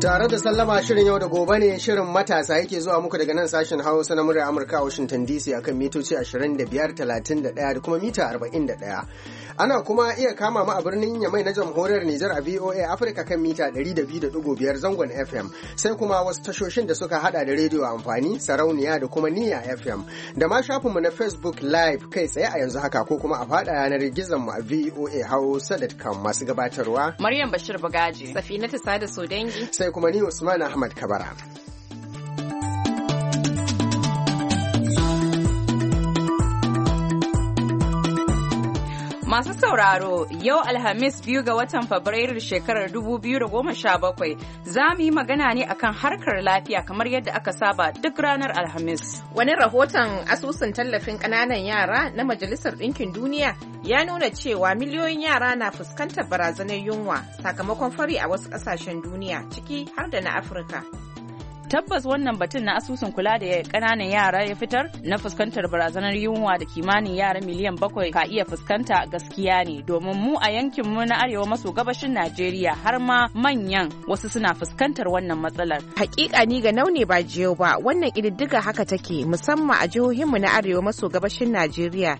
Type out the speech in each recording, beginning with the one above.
Tare da sallama shirin yau da gobe ne shirin matasa yake zuwa muku daga nan sashen Hausa na murya Amurka a Washington DC akan mitoci 25, 31 da kuma mita 41. Ana kuma iya kama mu a birnin Yamai na jamhuriyar Nijar a VOA Africa kan mita 200.5 zangon FM sai kuma wasu tashoshin da suka hada da rediyo amfani sarauniya da kuma niya FM da ma shafinmu na Facebook Live kai tsaye a yanzu haka ko kuma a fada yanar gizon mu a VOA Hausa.com masu gabatarwa. Maryam Bashir Bagaji. Safinatu Sada so Sai kuma ni Usman Ahmad Kabara. Masu sauraro, yau Alhamis biyu ga watan Fabrairu shekarar 2017 za mu yi magana ne akan harkar lafiya kamar yadda aka saba duk ranar Alhamis. Wani rahoton asusun tallafin ƙananan yara na Majalisar Ɗinkin Duniya ya nuna cewa miliyoyin yara na fuskantar barazanar yunwa sakamakon fari a wasu ƙasashen duniya ciki har da na Afirka. tabbas wannan batun na asusun kula da kananan yara ya fitar na fuskantar barazanar yunwa da kimanin yara miliyan bakwai ka iya fuskanta gaskiya ne domin mu a yankinmu na arewa maso gabashin najeriya har ma manyan wasu suna fuskantar wannan matsalar hakika ni ga naune ba jiyo ba wannan ƙididdiga haka take musamman a jihohinmu na arewa maso gabashin najeriya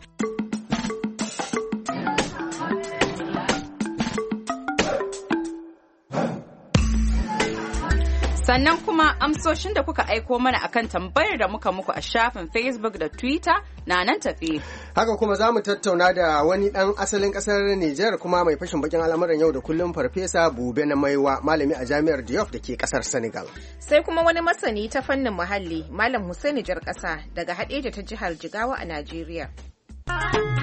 Sannan kuma amsoshin da kuka aiko mana akan tambayar da muka muku a shafin Facebook da Twitter na nan tafi. Haka kuma za mu tattauna da wani ɗan asalin ƙasar Nijar kuma mai fashin bakin al'amuran yau da kullum Farfesa Bube na Maiwa malami a Jami'ar Diop da ke ƙasar Senegal. Sai kuma wani masani ta fannin muhalli Malam Hussaini Jar ƙasa daga haɗeja ta jihar Jigawa a Najeriya.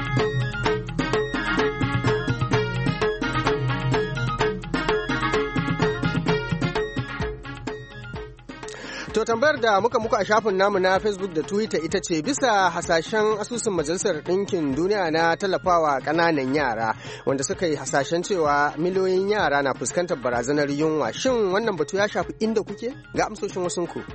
To tambayar da muka muku a shafin namu na Facebook da Twitter ita ce bisa hasashen asusun Majalisar Ɗinkin Duniya na tallafawa ƙananan yara wanda suka yi hasashen cewa miliyoyin yara na fuskantar barazanar yunwa. Shin wannan batu ya shafi inda kuke? Ga amsoshin wasunku. ku.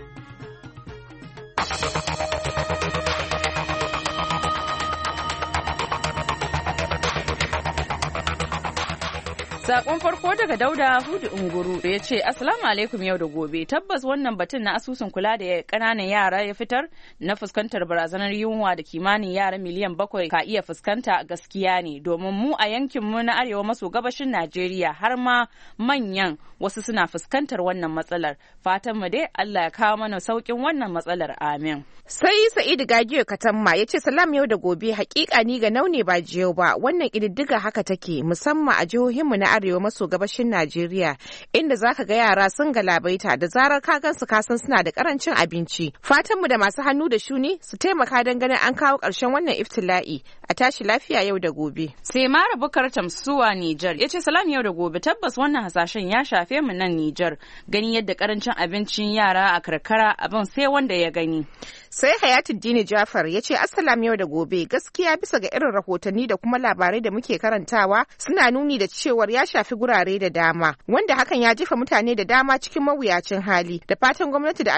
Sakon farko daga Dauda Hudu Unguru ya ce asalamu alaikum yau da gobe tabbas wannan batun na asusun kula da ƙananan yara ya fitar na fuskantar barazanar yunwa da kimanin yara miliyan bakwai ka iya fuskanta gaskiya ne domin mu a yankinmu na arewa maso gabashin Najeriya har ma manyan wasu suna fuskantar wannan matsalar fatan mu dai Allah ya kawo mana saukin wannan matsalar amin. Sai Sa'idu Gagiyo Katamma ya ce salam yau da gobe hakika ni ga nau ne ba jiyau ba wannan kididdiga haka take musamman a jihohinmu na arewa maso gabashin Najeriya inda za ka ga yara sun galabaita da zarar ka gansu ka san suna da karancin abinci. Fatanmu da masu hannu da shuni su taimaka don ganin an kawo ƙarshen wannan iftila'i a tashi lafiya yau da gobe. Sai Mara Bukar Tamsuwa Nijar ya ce salam yau da gobe tabbas wannan hasashen ya shafe mu nan Nijar gani yadda karancin abincin yara a karkara abin sai wanda ya gani. Sai dini Jafar ya ce asalam yau da gobe gaskiya bisa ga irin rahotanni da kuma labarai da muke karantawa suna nuni da cewar ya shafi gurare da dama wanda hakan ya jefa mutane da dama cikin mawuyacin hali da fatan gwamnati da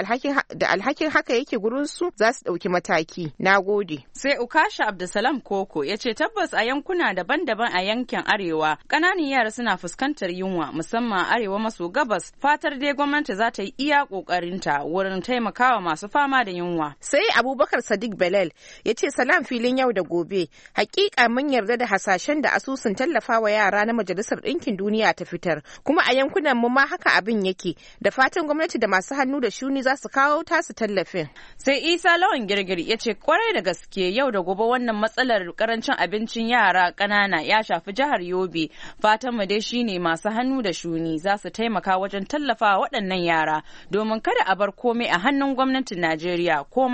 alhakin haka yake gurin su za su ɗauki mataki. Na gode. Sai Ukasha Abdulsalam Koko ya ce tabbas a yankuna daban-daban a yankin Arewa ƙananan yara suna fuskantar yunwa musamman Arewa maso gabas fatar dai gwamnati za ta yi iya ƙoƙarinta wurin taimakawa masu fama da yunwa. sai abubakar sadiq belal ya ce salam filin yau da gobe hakika mun yarda da hasashen da asusun tallafawa yara na majalisar ɗinkin duniya ta fitar kuma a yankunan mu ma haka abin yake da fatan gwamnati da masu hannu da shuni za su kawo tasu tallafin sai isa lawan girgiri ya ce kwarai da gaske yau da gobe wannan matsalar karancin abincin yara ƙanana ya shafi jihar yobe fatan mu dai shine masu hannu da shuni za su taimaka wajen tallafa waɗannan yara domin kada a bar komai a hannun gwamnatin najeriya ko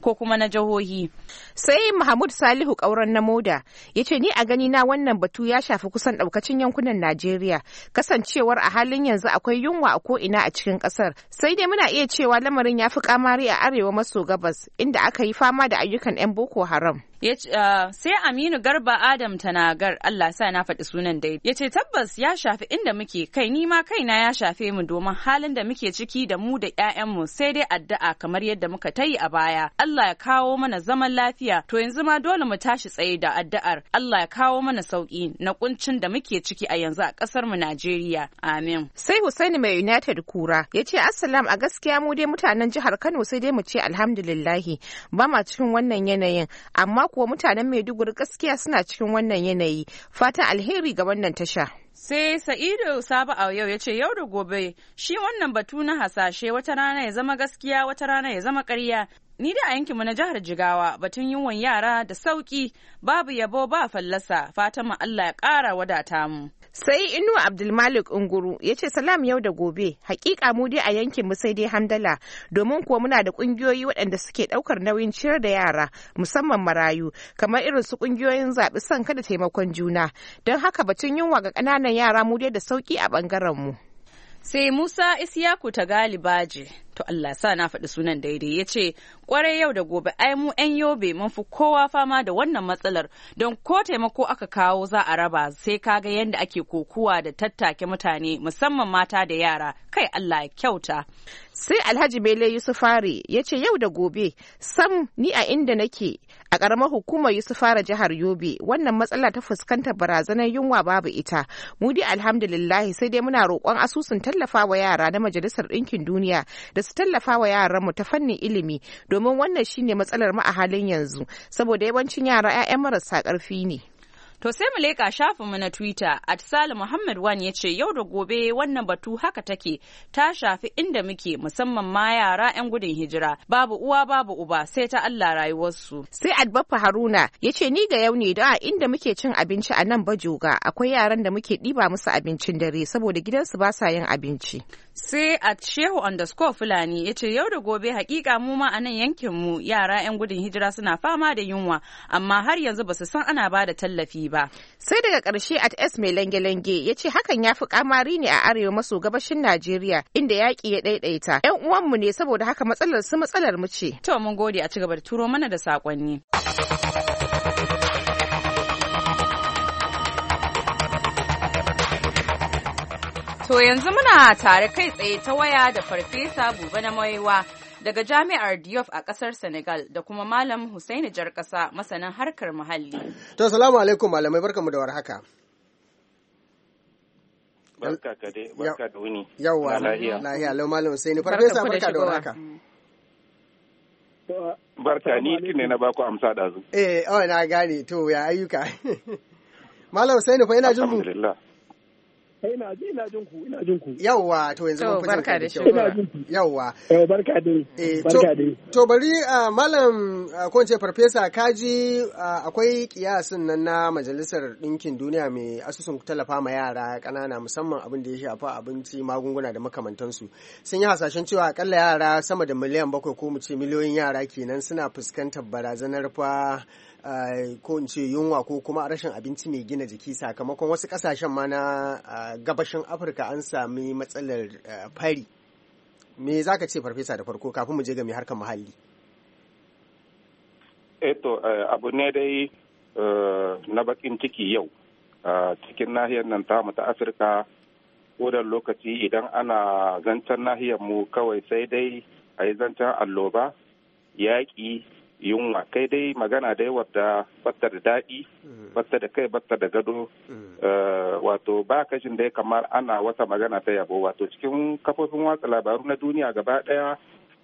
ko kuma na jihohi. Sai Mahmud Salihu ƙauren na moda ya ce ni a gani na wannan batu ya shafi kusan ɗaukacin yankunan Najeriya kasancewar a halin yanzu akwai yunwa a ko'ina a cikin ƙasar. Sai dai muna iya cewa lamarin ya fi kamari a arewa maso gabas inda aka yi fama da ayyukan 'yan Boko Haram. Ah, sai Aminu Garba Adam Tanagar Allah sa na faɗi sunan dai ya ce tabbas ya shafi inda muke kai ni ma kaina ya shafe mu domin halin da muke ciki da mu da ƴaƴanmu sai dai addu'a kamar yadda muka ta yi a baya Allah ya kawo mana zaman lafiya to yanzu ma dole mu tashi tsaye da addu'ar Allah ya kawo mana sauƙi na kuncin da muke ciki a yanzu a ƙasar mu Najeriya amin sai Husaini mai United Kura ya ce assalam a gaskiya mu dai mutanen jihar Kano sai dai mu ce alhamdulillahi ba ma cikin wannan yanayin amma kuwa mutanen Maiduguri gaskiya suna cikin wannan yanayi. Fatan alheri ga wannan tasha. Sai Sa'idu Sabu a yau ya ce yau da gobe shi wannan batu na hasashe wata rana ya zama gaskiya wata rana ya zama karya Ni da a yankinmu na jihar Jigawa batun yunwan yara da sauƙi babu yabo ba fallasa fata fatan Allah ya ƙara wadata mu. sai inu abdulmalik unguru ya ce salam yau da gobe hakika mu dai a yankin mu sai dai hamdala domin kuwa muna da ƙungiyoyi waɗanda suke ɗaukar nauyin ciyar da yara musamman marayu kamar irin su kungiyoyin zaɓi son kada taimakon juna don haka batun yunwa ga ƙananan wannan yara mu dai da sauki a ɓangaren mu. Sai Musa Isiyaku ta galibaje. to Allah sa na faɗi sunan daidai ya ce kwarai yau da gobe ai mu 'yan yobe mun fi kowa fama da wannan matsalar don ko taimako aka kawo za a raba sai kaga yadda ake kokuwa da tattake mutane musamman mata da yara kai Allah kyauta. Sai Alhaji Bele Yusufare, ya ce yau da gobe sam ni a inda nake a ƙaramar hukumar Yusufara jihar Yobe wannan matsala ta fuskantar barazanar yunwa babu ita. Mu dai alhamdulillahi sai dai muna roƙon asusun tallafa wa yara na Majalisar Ɗinkin Duniya da su tallafa wa yaranmu ta fannin ilimi domin wannan shine matsalar mu a halin yanzu saboda yawancin yara 'ya'yan marasa ƙarfi ne. To sai mu leƙa shafinmu na Twitter, at Sale Muhammad Wan ya ce yau da gobe wannan batu haka take ta shafi inda muke musamman ma yara 'yan gudun hijira babu uwa babu uba sai ta Allah rayuwarsu. Sai Adbaffa Haruna ya ce ni ga yau ne da inda muke cin abinci a nan bajoga akwai yaran da muke ɗiba musu abincin dare saboda gidansu ba sa yin abinci. Sai a Shehu underscore Fulani ya ce yau da gobe hakika mu ma a nan yankinmu yara 'yan gudun hijira suna fama da yunwa amma har yanzu ba su san ana ba da tallafi ba. Sai daga ƙarshe at S mai lange-lange ya ce hakan ya fi kamari ne a arewa maso gabashin Najeriya inda yaƙi ya ɗaiɗaita. 'Yan uwanmu ne saboda haka matsalar su matsalar mu ce. To mun gode a ci gaba da turo mana da saƙonni. To yanzu muna tare kai tsaye ta waya da Farfesa Buba na Maiwa daga jami'ar Diop a kasar Senegal da kuma Malam Husaini Jarkasa masanin harkar muhalli. To salamu alaikum malamai barkamu da warhaka. Barka ka dai, barka da wuni. Yawwa, lahiya, lau Malam Husaini. Farfesa barka da warhaka. Barka ni ne na bako amsa zu. Eh, oh na gane to ya ayyuka. Malam Husaini fa ina jin Alhamdulillah. Eh, ina ji ku yawwa to yanzu mun fitar da shi yawwa eh, barka eh, to bari ah, malam ah, ko ce farfesa kaji ah, akwai kiyasin nan na majalisar ɗinkin duniya mai asusun tallafa ma yara ƙanana musamman abin da ya shafi abinci magunguna da makamantansu sun yi hasashen cewa akalla yara sama da miliyan bakwai ko mu ce miliyoyin yara kenan suna fuskantar barazanar fa Eh, ko in ce yunwa ko kuma rashin abinci mai gina jiki sakamakon wasu kasashen ma na eh, gabashin afirka an sami matsalar eh, fari me za ka ce farfesa da farko kafin mu je ga mai harkar muhalli eto abu ne dai na bakin ciki yau cikin nahiyar nan tamu ta afirka kodan lokaci idan ana zancen nahiyar mu kawai sai dai a yi zancen alloba yaƙi yunwa kai dai magana da yawa da batta da daɗi mm. batta da kai batta da gado mm. eh, wato ba kashin da ya kamar ana wata magana ta yabo wato cikin kafofin watsa labaru na duniya gaba ɗaya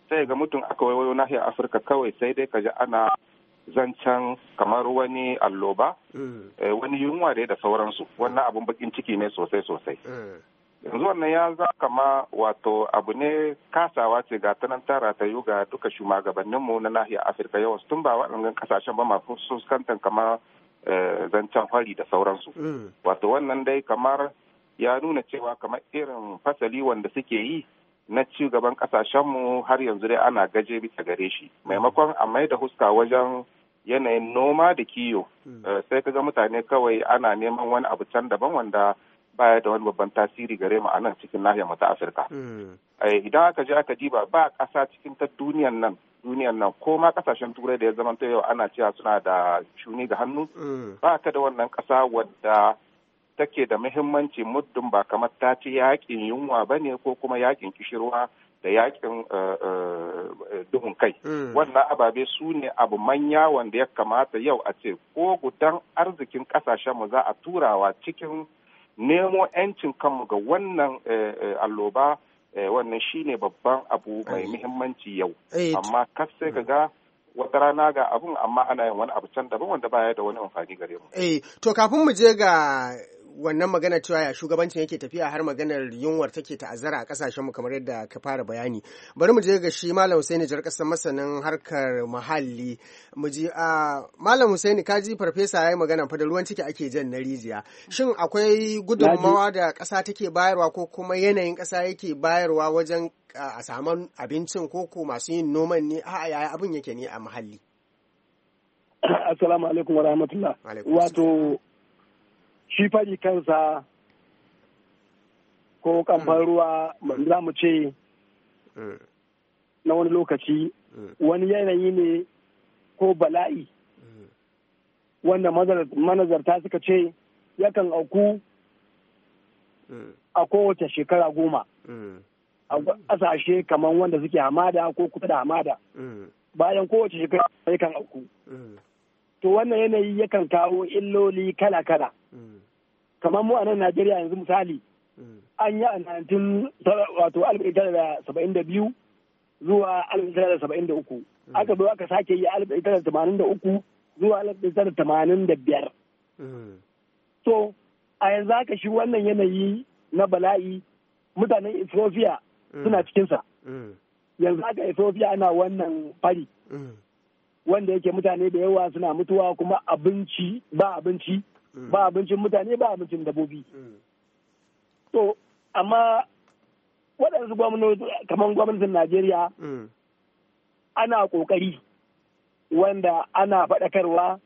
sai ga mutum aka waiwayo nahiyar afirka kawai sai dai ka ji ana zancen kamar wani alloba mm. eh, wani yunwa da da sauransu wannan abun bakin ciki ne sosai sosai yanzu wannan ya za kama wato abu ne kasawa ce ga ta nan tara ta yi ga duka shugabanninmu na nahiyar afirka yawan tun ba waɗannan kasashen ba masu suskantar kamar eh, zancen fari da sauransu mm. wato wannan dai kamar ya nuna cewa kamar irin fasali wanda suke yi na ci gaban kasashenmu har yanzu dai ana gaje bisa gare shi maimakon a mai da huska wajen yanayin noma da kiyo mm. eh, sai ka ga mutane kawai ana neman wani abu can daban wanda baya da wani babban tasiri gare mu a nan cikin nahiyar mu ta Afirka. Mm. Eh, idan aka je aka diba ba ƙasa cikin ta duniyan nan duniyan nan ko ma ƙasashen turai da ya zama ta yau ana cewa suna da shuni ga hannu mm. ba ka da wannan ƙasa wadda take da muhimmanci muddin ba kamar ta ce yaƙin yunwa ba ne ko kuma yaƙin kishirwa da yaƙin eh, eh, duhun kai mm. wannan ababe su ne abu manya wanda ya kamata yau a ce ko gudan arzikin mu za a turawa cikin nemo 'yancin kanmu ga wannan eh, eh, alloba eh, wannan shine babban abu mai muhimmanci yau amma kas sai ka ga wata rana ga abun amma ana yin wani abu can daban wanda baya da wani amfani gare mu. to kafin mu je ga wannan magana cewa ya shugabancin yake tafiya har maganar yunwar take ta'azzara a kasashenmu kamar yadda ka fara bayani bari mu je ga shi malam husaini jar kasar masanin harkar muhalli mu ji a malam husaini ka ji farfesa yayi magana fa da ruwan ciki ake jan na rijiya shin akwai gudunmawa da ƙasa take bayarwa ko kuma yanayin ƙasa yake bayarwa wajen a saman abincin koko masu yin noman ne a yaya abin yake ne a muhalli assalamu alaikum wa rahmatullah wato shi fari kansa ko kamfan mm. ruwa za mu ce mm. na wani lokaci mm. wani yanayi ne ko bala'i wanda manazarta suka ce yakan auku a kowace shekara goma a ƙasashe kamar wanda suke hamada ko kusa da hamada bayan kowace shekara yakan auku to wannan yanayi yakan kawo illoli kala-kala mm. kamar mu a nan najeriya yanzu misali mm. an yi a 1972 zuwa 1973 mm. aka zo aka sake yi 1983 zuwa 1985 so a yanzu aka shi wannan yanayi na bala'i mutanen ethiopia suna cikinsa yanzu aka ethiopia ana wannan fari wanda yake mutane da yawa suna mutuwa kuma abinci ba abinci mm. ba abincin mutane ba abincin dabobi mm. to amma waɗansu gwamnati kamar gwamnatin najeriya mm. ana ƙoƙari wanda ana faɗakarwa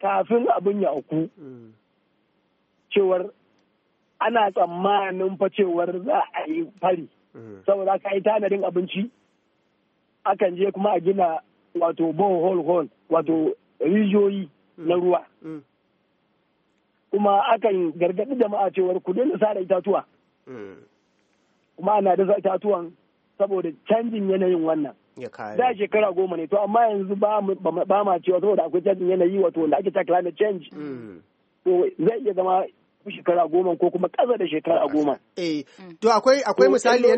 kafin abin ya uku. cewar ana tsammanin fa cewar za a yi fari saboda ka yi tanadin abinci akan je kuma a gina wato borehole hole wato rijiyoyi na mm. ruwa mm. kuma akan gargaɗi jama'a cewar ku daina sare itatuwa mm. kuma ana dasa itatuwan saboda canjin yanayin wannan da shekara goma ne to amma yanzu ba ma cewa saboda akwai canjin yanayi wato da ake ta climate change to zai iya zama shekara goma ko kuma ƙasa da shekara goma. Eh, to akwai akwai misali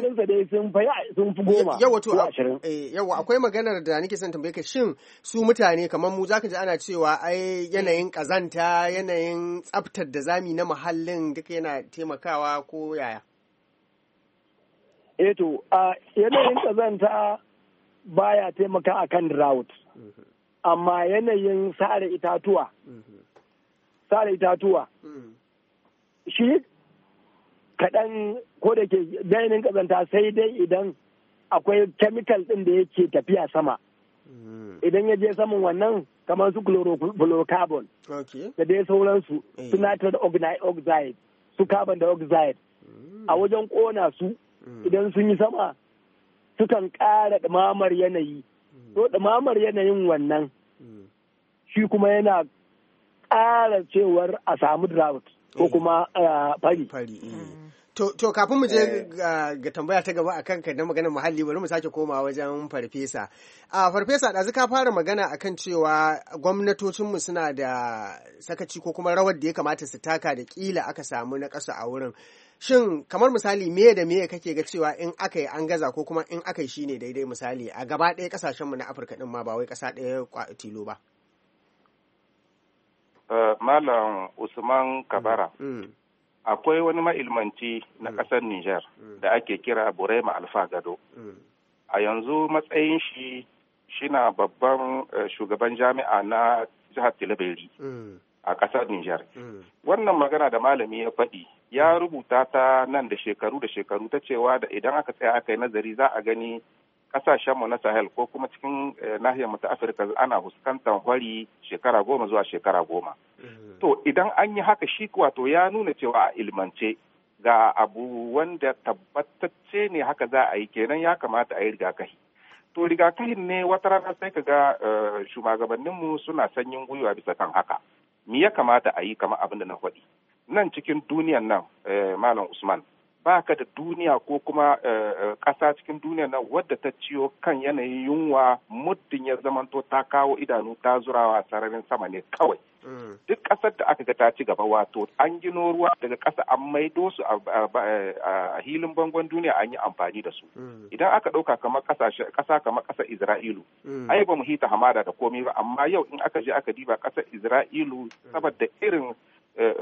sun fi goma. Yawa to yawa akwai maganar da nake son tambaye ka shin su mutane kamar mu zaka ji ana cewa ai yanayin kazanta yanayin tsaftar da zami na muhallin duka yana taimakawa ko yaya? Eh to a yanayin kazanta baya taimaka akan drought. Mm-hmm. Amma yanayin sare itatuwa. Mm-hmm. Sare itatuwa. Mm-hmm. shi kaɗan ko da ke dainin ƙazanta sai dai idan akwai kemikal ɗin da yake tafiya sama mm. idan ya je saman wannan kamar su chlorocarbon da dai sauransu eh. su nitrogen oxide su carbon dioxide mm. a wajen ƙona su mm. idan sun yi sama sukan ƙara ɗumamar yanayi to ɗumamar yanayin wannan shi kuma yana ƙara cewar a samu drought ko kuma eh, fari. Fari. Eh. Hmm. To kafin mu je eh. ga tambaya ta gaba akan ka na maganar muhalli bari mu sake koma wajen farfesa. A farfesa ɗazu ka fara magana akan cewa gwamnatocinmu suna da sakaci ko kuma rawar da ya kamata su taka da kila aka samu na ƙasa a wurin. Shin kamar misali me da me kake ga cewa in aka yi an gaza ko kuma in aka yi shi ne daidai misali a gaba ɗaya ƙasashenmu na Afirka ɗin ma ba wai ƙasa ɗaya tilo ba. Eh, Malam Usman Kabara. Mm, mm. Akwai wani ma'ilmanci na mm. ƙasar Nijar da ake kira Burema Alfa Gado. A yanzu matsayin shi shina babban eh, shugaban jami'a na jihar tilabiri a ƙasar Nijar. Wannan magana da malami ya faɗi ya rubuta ta nan da shekaru da shekaru ta cewa da idan aka tsaya aka yi nazari za a gani kasashenmu na sahel ko kuma cikin eh, nahiyarmu ta afirka ana fuskantar hwari shekara goma zuwa shekara goma mm. to idan an yi haka shi wato ya nuna cewa a ilmance ga abu wanda tabbatacce ne haka za a yi kenan ya kamata a yi rigakafi to rigakafin ne wata rana sai ka ga eh, shugabanninmu suna sanyin gwiwa bisa kan haka me ya kamata a yi kamar abin da na faɗi nan cikin duniyan nan eh, malam usman baka da duniya ko kuma eh, eh, ƙasa cikin duniya na wadda ta ciyo kan yanayin yunwa muddin ya zamanto ta kawo idanu ta zurawa sararin sama ne kawai. Mm. Duk ƙasar da aka ga ta ci gaba wato an gino ruwa daga ƙasa an maido su a hilin bangon duniya an yi amfani da su. Mm. Idan aka ɗauka kamar ƙasa kamar ƙasar Isra'ilu. Mm. Ai ba mu hita hamada da komai ba amma yau in aka je aka diba ƙasar Isra'ilu saboda irin eh,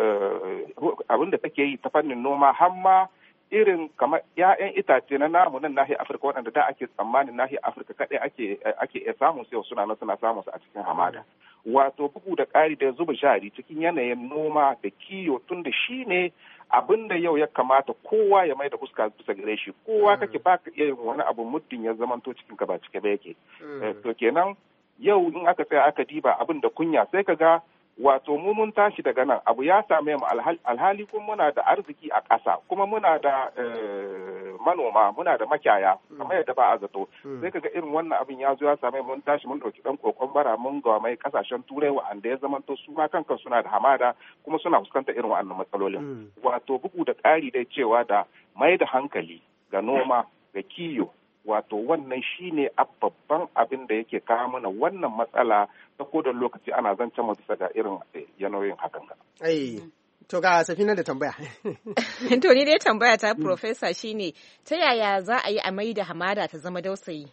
abin da take yi ta fannin noma har ma irin kamar 'ya'yan itace na namu nan nahiyar Afirka waɗanda da ake tsammanin nahiyar Afirka kaɗai ake ake iya samun su yau suna nan suna samun su a cikin hamada. Wato bugu da ƙari da zuba jari cikin yanayin noma da kiyo tun da shi ne abin da yau ya kamata kowa ya mai da fuska bisa gare shi kowa mm. kake baka ka iya yin wani abu muddin ya zamanto cikin ka ba cike ba yake. Mm. Eh, to kenan yau in aka tsaya aka diba abin da kunya sai ka ga wato mu mun tashi daga nan abu ya same mu alhali kuma muna da arziki a ƙasa kuma muna da eh, manoma muna da makyaya hmm. kamar yadda ba a zato hmm. sai kaga irin wannan abin ya zo ya same mun tashi mun ɗauki ɗan kokon bara mun ga mai kasashen turai wa'anda ya zamanto su ma kankan suna da hamada kuma suna fuskantar irin wa'annan matsalolin hmm. wato bugu da ƙari dai cewa da mai da hankali ga noma ga kiyo wato wannan shine a babban abin da yake kawo mana wannan matsala ta da lokaci ana zance mu bisa ga irin eh, yanayin hakan ga. To ga safina da tambaya. to ni dai tambaya ta profesa shine ta yaya za a yi a mai da hamada ta zama dausayi?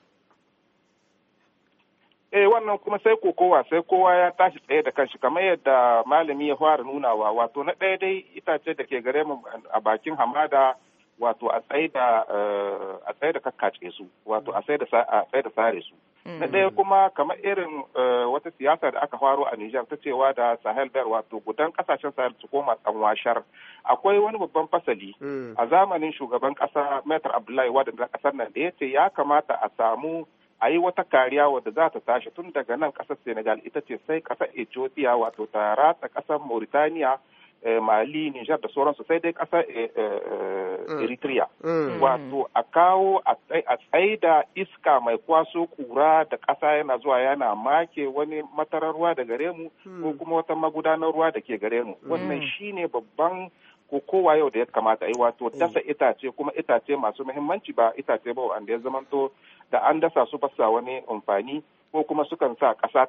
eh wannan kuma sai kokowa sai kowa ya tashi tsaye da kanshi kamar yadda malami ya fara nunawa wato na ɗaya dai itace da ke gare mu a bakin hamada wato a da eh, a da kakkace su wato a da a da sare su mm. na ɗaya kuma kamar irin eh, wata siyasa da aka faro a Nijar ta cewa da Sahel Belt wato gudan kasashen Sahel su koma washar akwai wani babban fasali mm. a zamanin shugaban kasa Metar Abdullahi wa da kasar nan da yace ya kamata a samu a yi wata kariya wadda za ta tashi tun daga nan kasar Senegal ita ce sai kasar Ethiopia wato ta ratsa kasar Mauritania Eh, mali nijar da sauransu sai dai ƙasar eh, eh, mm. eritrea mm. wato a kawo a tsaida iska mai kwaso kura da ƙasa yana zuwa yana make wani matarar ruwa da gare mu mm. ko kuma wata magudanar ruwa da ke gare mu wannan shine babban ko kowa yau da ya kamata yi wato dasa itace kuma itace masu muhimmanci ba itace ba wanda ya zamanto da an dasa su basa wani amfani ko kuma sukan sa ƙasa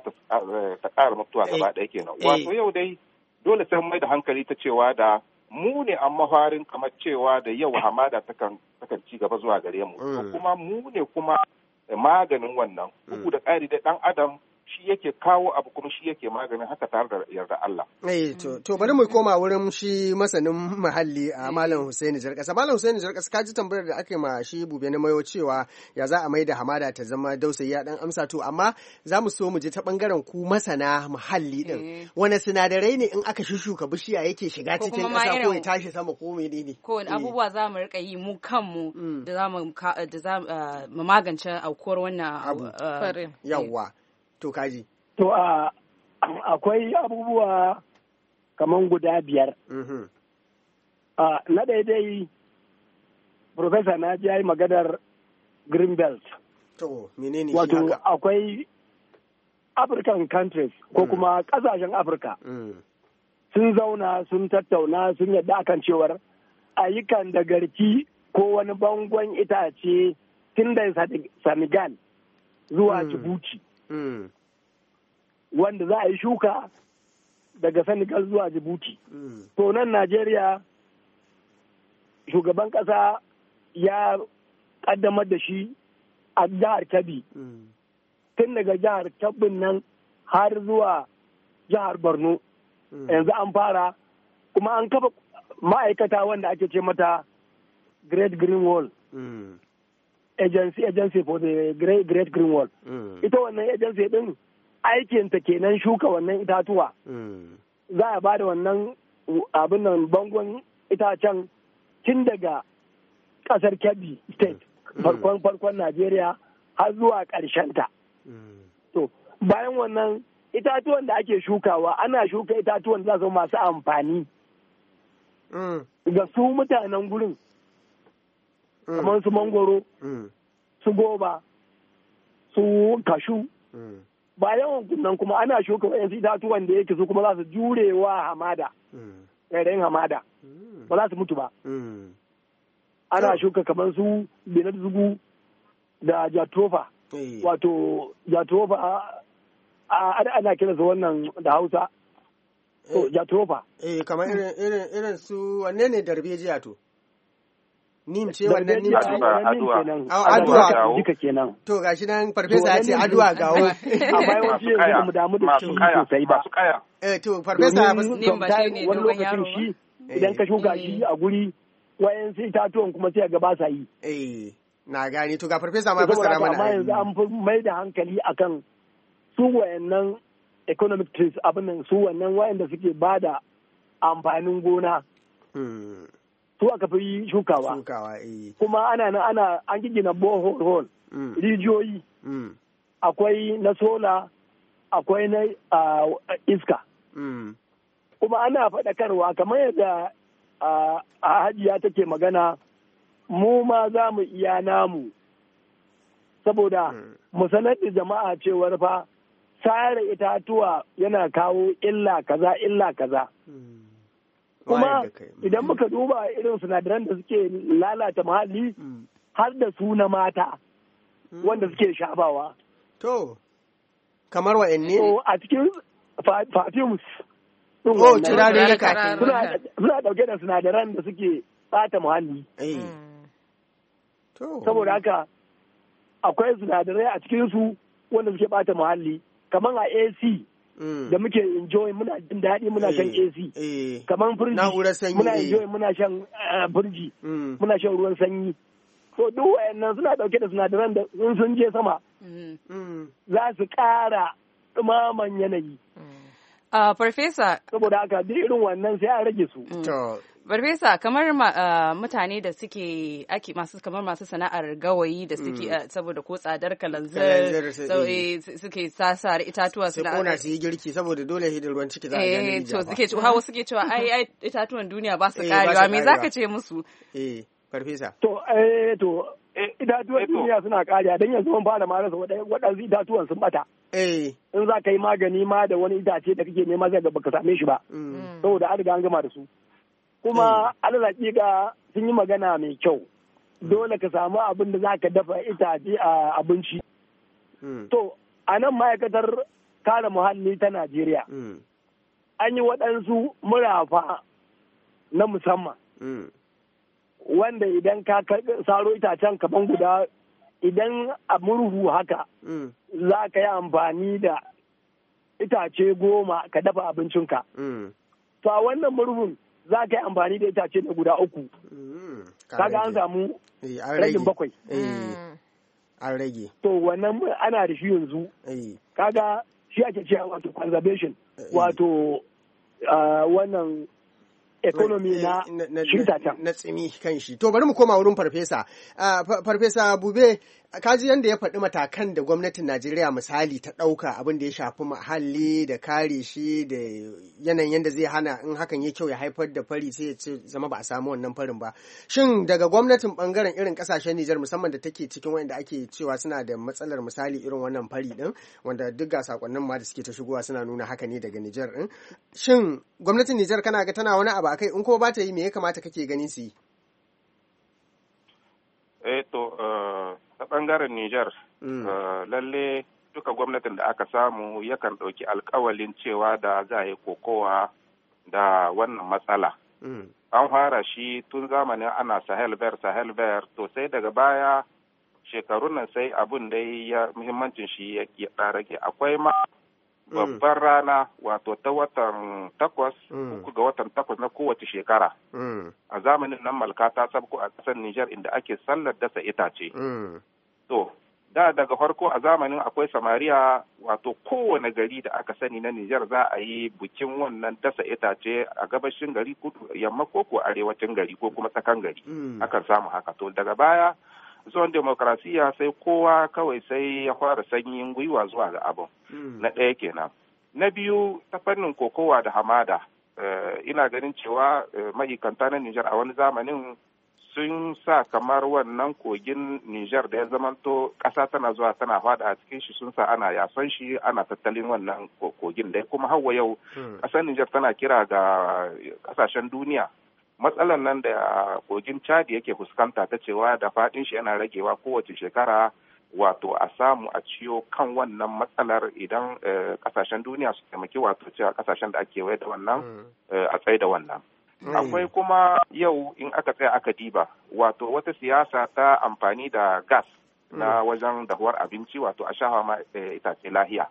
ta ƙara mutuwa gaba ɗaya kenan wato yau dai dole sai mai da hankali ta cewa da mu ne an mafarin kamar cewa da yau hamada takan ci gaba zuwa gare mu eh. kuma mu ne kuma maganin wannan uku da tsari da dan adam shi yake kawo abu kuma shi yake magani haka tare da yarda Allah. Eh to to bari mu koma wurin shi masanin muhalli a Malam Hussein Jarkasa. Malam Hussein Jarkasa ka ji tambayar da aka ma shi Bube na Mayo cewa ya za a mai da hamada ta zama dausayi ya dan amsa to amma za mu so mu je ta bangaren ku masana muhalli din. Eh. Wani sinadarai ne in aka shushuka bishiya yake shiga cikin ƙasa ko ya tashi sama ko menene. Ko eh. abubuwa za mu rika yi mu kanmu mm. da za eh, mu magance aukuwar wannan abu. Yawwa. To To a akwai abubuwa kamar guda biyar. Mm-hmm. Na daidai Profesa na ji maganar Greenbelt. To, menene shi Wato akwai African countries ko mm. kuma ƙasashen Afirka. Mm. Sun zauna sun tattauna sun yadda akan cewar ayyukan da garki ko wani bangon itace tun da Senegal zuwa mm. Djibouti. wanda za a yi shuka daga Senegal zuwa Djibouti. To nan Najeriya shugaban ƙasa ya ƙaddamar da shi a jihar Kebbi. Tun daga jihar Kebbin nan har zuwa jihar Borno. Yanzu an fara kuma an kafa ma'aikata wanda ake ce mata Great Green Wall. agency agency for the great, great green wall mm. ita wannan agency din aikinta kenan shuka wannan itatuwa mm. za a bada wannan abin nan bangon itacen tun daga kasar kebbi state mm. farkon farkon najeriya har zuwa ta to bayan wannan itatuwan da ake shukawa ana shuka itatuwan da za su masu amfani ga su mutanen gurin Mm. kamar su mangoro mm. su goba su kashu mm. ba yawan kunnan kuma ana shuka yanzu itatuwan da yake su kuma za su jure wa hamada rairayin hamada ba za su mutu ba ana shuka kamar su benin zugu da jatofa eh. wato jatofa ana kira su wannan da hausa eh. jatofa eh kamar hmm. irin su wanne ne darbejiya to nim ce wannan nim ce aduwa duka kenan to gashi nan farfesa ya ce aduwa ga wani amma yawanci yanzu mu damu da shi sosai ba eh to farfesa nim ba shine dogon yaro shi eh. idan ka shuka shi eh. a guri wayan sai tuwon kuma sai ga ba sa yi eh na gani to ga farfesa ma fassara mana amma yanzu an fi mai da hankali akan su wayannan economic trees abin nan su wannan wayanda suke bada amfanin gona hmm. su aka fi shukawa eh. kuma ana nan ana an gina borehole mm. rijiyoyi mm. akwai na sola akwai na ah, iska mm. kuma ana faɗakarwa kamar yadda ah, a hajiya take magana mu ma za mu iya namu saboda mu sanar da jama'a cewar fa sare itatuwa yana kawo illa kaza illa kaza. kuma mm. idan muka duba irin sinadaran da suke lalata muhalli mm. har da su na mata mm. wanda suke shafawa to kamar wa ne a cikin perfumes oh turare suna dauke da sinadaran da suke bata muhalli eh. saboda haka akwai sinadarai a cikin su wanda suke bata muhalli kamar a ac Mm. da muke enjoy muna jin daɗi muna shan eh, AC eh. kamar firji muna eh. enjoy muna shan firji mm. muna shan ruwan sanyi so duk wayannan suna dauke da sinadaran da in sun je sama mm. za su ƙara ɗumaman yanayi. Farfesa. Uh, Saboda haka duk irin wannan sai a rage su. Barbesa kamar ah, mutane da suke ake masu kamar masu sana'ar gawayi da suke mm. ah, saboda ko tsadar kalanzir eh. Eh, suke sasar itatuwa suna kona su yi girki saboda dole hidin ruwan ciki za a gani eh, to suke cewa hawa suke cewa ai ai itatuwan duniya ba su karewa me zaka ce musu eh farfesa to eh to itatuwan duniya suna kariya don yanzu mun fara ma rasa waɗansu itatuwan sun bata. In za ka yi magani ma da wani itace da kake nema zai ga baka same shi ba. Mm. Saboda an riga an gama da su. kuma ga mm. sun yi magana mai kyau dole ka samu abin da za ka dafa itace a abinci mm. to a nan ma'aikatar kare muhalli ta najeriya mm. an yi waɗansu murafa na musamman wanda idan ka saro itacen kaman guda idan a murhu haka za ka yi amfani da itace goma ka dafa abincinka to a wannan murhun za ka yi amfani da itace na guda uku mm, kaga an samu eh, ragin bakwai eh, mm. an rage to wannan ana da shi yanzu eh. kaga shi ake cewa wato conservation wato ah, wannan economy na shi na tsimi kan shi to bari mu koma wurin farfesa ah, farfesa bube ji yadda ya faɗi matakan da gwamnatin Najeriya misali ta ɗauka abin da ya shafi muhalli da kare shi da yanayin yadda zai hana in hakan ya kyau ya haifar da fari sai ya ce zama ba a samu wannan farin ba. Shin daga gwamnatin bangaren irin kasashen Nijar musamman da take cikin wanda ake cewa suna da matsalar misali irin wannan fari din wanda duk ga sakonnin ma da suke ta shigowa suna nuna haka ne daga Nijar din. Shin gwamnatin Nijar kana ga tana wani abu akai in kuma ba ta yi me ya kamata kake ganin su yi? Eh to eh, ta bangaren Nijar, mm. eh, lalle duka gwamnatin da aka samu yakan ɗauki alkawalin cewa da za a yi kokowa da wannan matsala. Mm. An fara shi tun zamanin ana Sahel Bear, Sahel Bear, to sai daga baya shekarun nan sai abun da ya muhimmancin shi ya rage. Akwai ma Mm. babbar rana wato ta watan takwas mm. uku ga watan takwas na kowace shekara mm. a zamanin nan malka ta sabko a ƙasar Nijar inda ake sallar dasa itace. To, da daga farko a zamanin akwai samariya wato kowane gari da aka sani na Nijar za a yi bikin wannan dasa itace a gabashin gari kudu yamma ko ko arewacin gari ko kuma tsakan gari akan samu haka to daga baya zuwan demokrasiya sai kowa kawai sai ya fara sanyin gwiwa zuwa ga abin hmm. na ɗaya kenan na biyu ta fannin kokowa da hamada eh, ina ganin cewa eh, ma'aikanta na nijar a wani zamanin sun sa kamar wannan kogin nijar da ya zamanto ƙasa tana zuwa tana fada a cikin shi sun sa ana yasan shi ana tattalin wannan kogin da kuma hawa yau hmm. ƙasar nijar tana kira ga ƙasashen duniya matsalar nan da kogin chad yake fuskanta ta cewa da faɗin shi yana ragewa kowace shekara wato a samu a ciyo kan wannan matsalar idan eh, kasashen duniya su taimaki wato cewa kasashen da ake waye da wannan hmm. eh, a tsaye da wannan hmm. akwai kuma yau in aka tsaya aka diba wato wata siyasa ta amfani da gas hmm. na wajen dahuwar abinci wato a shahawa ma eh, itace lahiya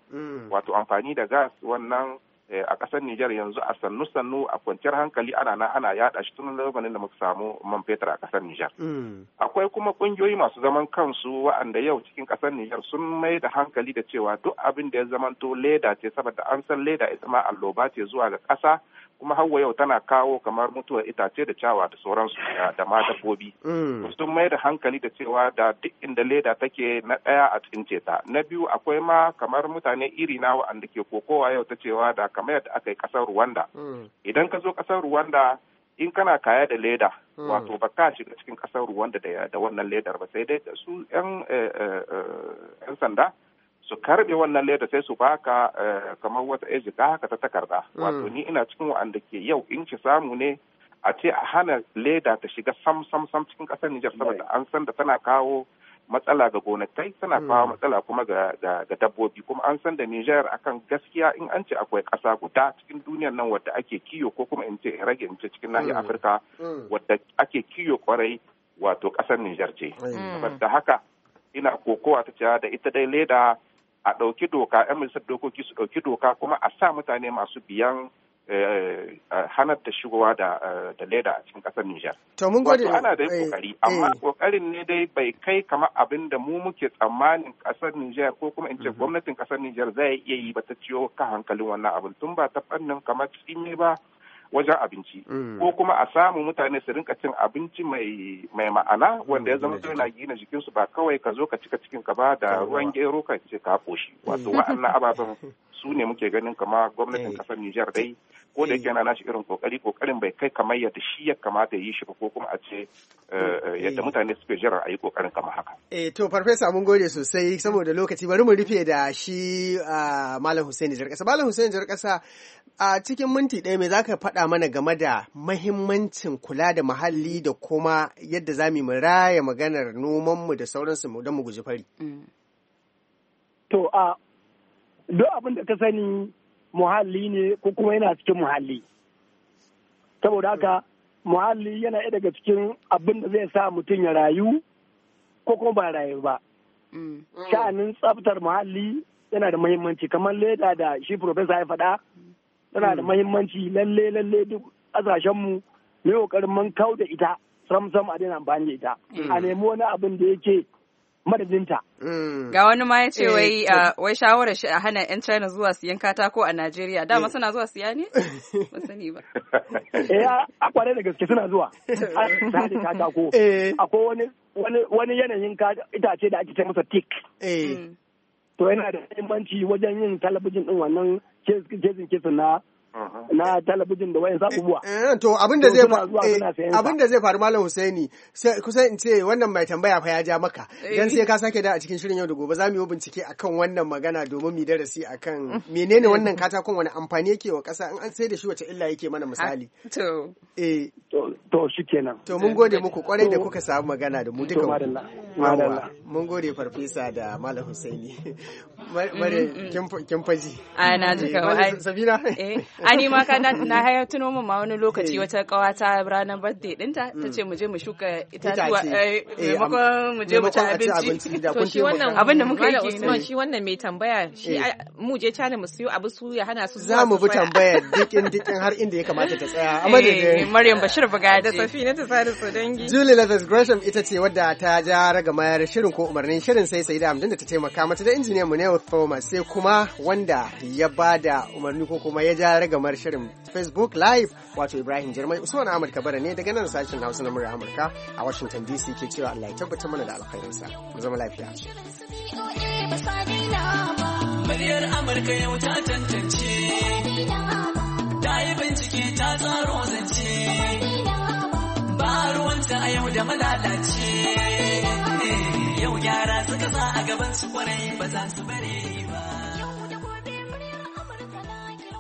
wato amfani da gas wannan Eh, a ƙasar Nijar yanzu a sannu-sannu a kwanciyar hankali ana na ana yaɗa shi tun lokacin da muka samu man fetur a ƙasar Nijar. Mm. Akwai kuma ƙungiyoyi masu zaman kansu wa'anda yau cikin ƙasar Nijar sun mai da hankali da cewa duk abin da ya zamanto leda ce saboda an san leda ita ma alloba ce zuwa ga ƙasa kuma hawa yau tana kawo kamar mutuwar itace da cawa da sauransu da ma dabbobi. Mm. Sun mai da hankali da cewa da duk inda leda take na ɗaya a cikin ceta. Na biyu akwai ma kamar mutane iri na wa'anda ke kokowa yau ta cewa da kamar yadda aka yi ƙasar Rwanda. Mm. Idan ka zo ƙasar Rwanda in kana kaya da leda mm. wato ba ka shiga cikin ƙasar Rwanda da wannan ledar ba sai dai su 'yan eh, eh, eh, sanda su karbe wannan leda sai su baka eh, kamar wata ejika haka ta takarda mm. wato ni ina cikin wa'anda ke yau in ki samu ne a ce a hana leda ta shiga sam sam sam cikin kasar Nijar saboda an san da tana kawo matsala ga gonakai tana mm. kawo matsala kuma ga dabbobi kuma an san da Nijar akan gaskiya in an ce akwai kasa guda cikin duniyar nan wadda ake kiyo ko kuma in ce rage in ce cikin nahiyar mm. Afirka wadda ake kiyo kwarai wato kasar Nijar ce. Saboda haka ina kokowa ta ce da ita dai leda a ɗauki doka 'yan majalisar dokoki su ɗauki doka kuma a sa mutane masu biyan eh, eh, hanar da shigowa eh, da leda a cikin ƙasar Nijar. To mun gode. ana da kokari amma kokarin ne dai bai kai kama abin da mu muke tsammanin ƙasar Nijar ko kuma in ce mhm. gwamnatin ƙasar Nijar zai iya yi ba ta ciyo ka hankalin wannan abin tun ba ta fannin kamar tsimi ba wajen abinci mm. ko kuma a samu mutane su rinka cin abinci mai ma'ana mm, wanda ya zama yana gina jikinsu ba kawai ka zo ka cika cikin ka ba da ruwan gero ka ce ka koshi mm. wato wa'annan ababen su ne muke ganin kama gwamnatin kasar eh. Nijar dai ko da eh. yake yana nashi irin kokari kokarin bai kai kamar yadda shi ya kamata yi shi ko kuma a ce eh, yadda mutane suke jira a yi kokarin kama haka. Eh to farfesa mun gode sosai saboda lokaci bari mu rufe da shi ah, Malam Hussein Jarkasa. Malam Hussein Jarkasa a cikin minti ɗaya me zaka faɗa faɗa mana game da mahimmancin kula da muhalli da kuma yadda za mu raya maganar nomanmu da sauransu don mu guji fari. Mm. To, a duk abin da ka sani muhalli ne ko kuma yana cikin muhalli. Saboda haka, muhalli yana ɗaya daga cikin abin da zai sa mutum ya rayu ko kuma ba rayu ba. Mm. Sha'anin tsaftar muhalli yana da mahimmanci kamar leda da shi Profesa ya faɗa. tana da hmm. mahimmanci lalle lalle duk kasashen mu mai kokarin mun kawo da ita sam sam a daina amfani da ita hmm. a nemi wani abin da yake madadinta. Hmm. Ga wani ma ya ce eh, wai uh, wai shawarar shi a hana 'yan China zuwa siyan katako a Najeriya. Dama suna zuwa siya ne? Ba sani ba. Eh a kware da gaske suna zuwa. A da katako. Eh. Akwai wani wani yanayin itace da ake ce masa tik. Eh. To yana da mahimmanci wajen yin talabijin din wannan chezin kisa na na talabijin da wayan eh, abubuwa. Eh, to abin da zai eh, zai faru Malam Husaini kusan in ce wannan mai tambaya fa ya ja maka dan sai ka sake da a cikin shirin yau da gobe za mu yi bincike akan wannan magana domin mu darasi akan menene wannan katakon wani amfani yake wa kasa in an sai da shi wace illa yake mana misali. Ah, to eh to shikenan. To mun gode muku kwarai da kuka samu magana da mu duka. Mun gode farfesa da Malam Husaini. Mare mm-hmm. kin faji. A ah, na ji Sabina. Eh ani ma ka na haya tuno min ma wani lokaci eh. wata kawa ta ranar birthday dinta ta mm. ce mu je mu shuka itatuwa eh, eh, maimakon mu je mu ci abinci to shi wannan abin da muka yi ne shi wannan mai tambaya shi mu je cana mu siyo abu su ya hana su za mu bi tambaya dikin dikin har inda ya kamata ta tsaya a madadin Maryam Bashir Bugaje da Safina ta sada su dangi Julie Lazarus Gresham ita ce wadda ta ja mayar shirin ko umarnin shirin sai sai da amdin da ta taimaka mata da injiniyan mu ne Thomas sai kuma wanda ya bada umarni ko kuma ya ja gamar shirin Facebook Live wato Ibrahim Jirmai Usman Ahmad Kabara ne daga nan sashen Hausa na murya Amurka a Washington DC ke cewa Allah ya tabbatar mana da alkhairinsa. Mu zama lafiya. Muryar Amurka yau ta tantance. Ta yi bincike ta tsaro zance. Ba ruwanta a yau da malalace. Yau gyara suka sa a gaban su kwarai ba za su bare